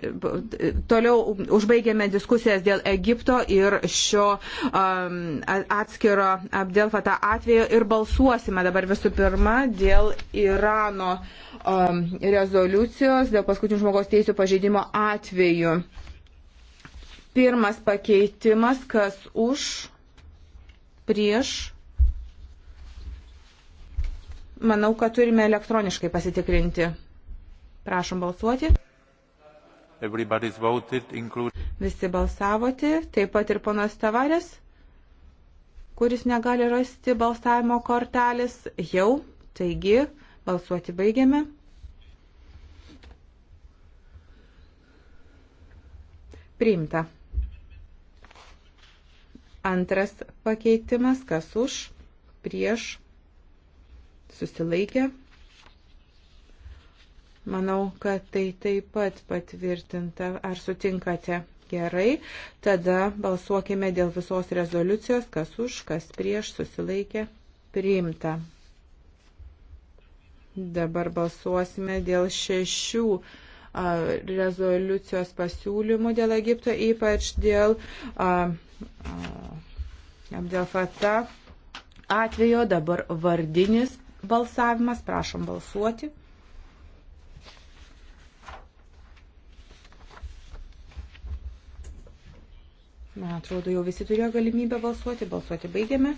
Toliau užbaigėme diskusijas dėl Egipto ir šio um, atskiro Abdelfata atvejo ir balsuosime dabar visų pirma dėl Irano um, rezoliucijos dėl paskutinių žmogaus teisų pažeidimo atveju. Pirmas pakeitimas, kas už, prieš. Manau, kad turime elektroniškai pasitikrinti. Prašom balsuoti. Voted, include... Visi balsavote, taip pat ir ponas Tavarės, kuris negali rasti balsavimo kortelės jau, taigi balsuoti baigiame. Priimta. Antras pakeitimas, kas už, prieš, susilaikė, Manau, kad tai taip pat patvirtinta. Ar sutinkate? Gerai. Tada balsuokime dėl visos rezoliucijos, kas už, kas prieš, susilaikė, priimta. Dabar balsuosime dėl šešių rezoliucijos pasiūlymų dėl Egipto, ypač dėl Abdel Fatah atvejo, dabar vardinis balsavimas, prašom balsuoti. Man atrodo, jau visi turėjo galimybę balsuoti. Balsuoti baigiame.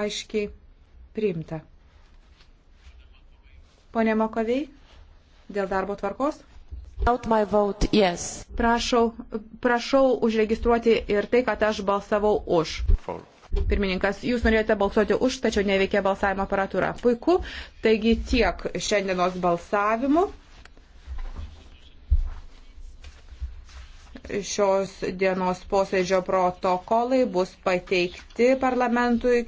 Aiškiai priimta. Pone Makovei, dėl darbo tvarkos. Vote, yes. prašau, prašau užregistruoti ir tai, kad aš balsavau už. For. Pirmininkas, jūs norėjote balsuoti už, tačiau neveikia balsavimo aparatūra. Puiku, taigi tiek šiandienos balsavimu. Šios dienos posėdžio protokolai bus pateikti parlamentui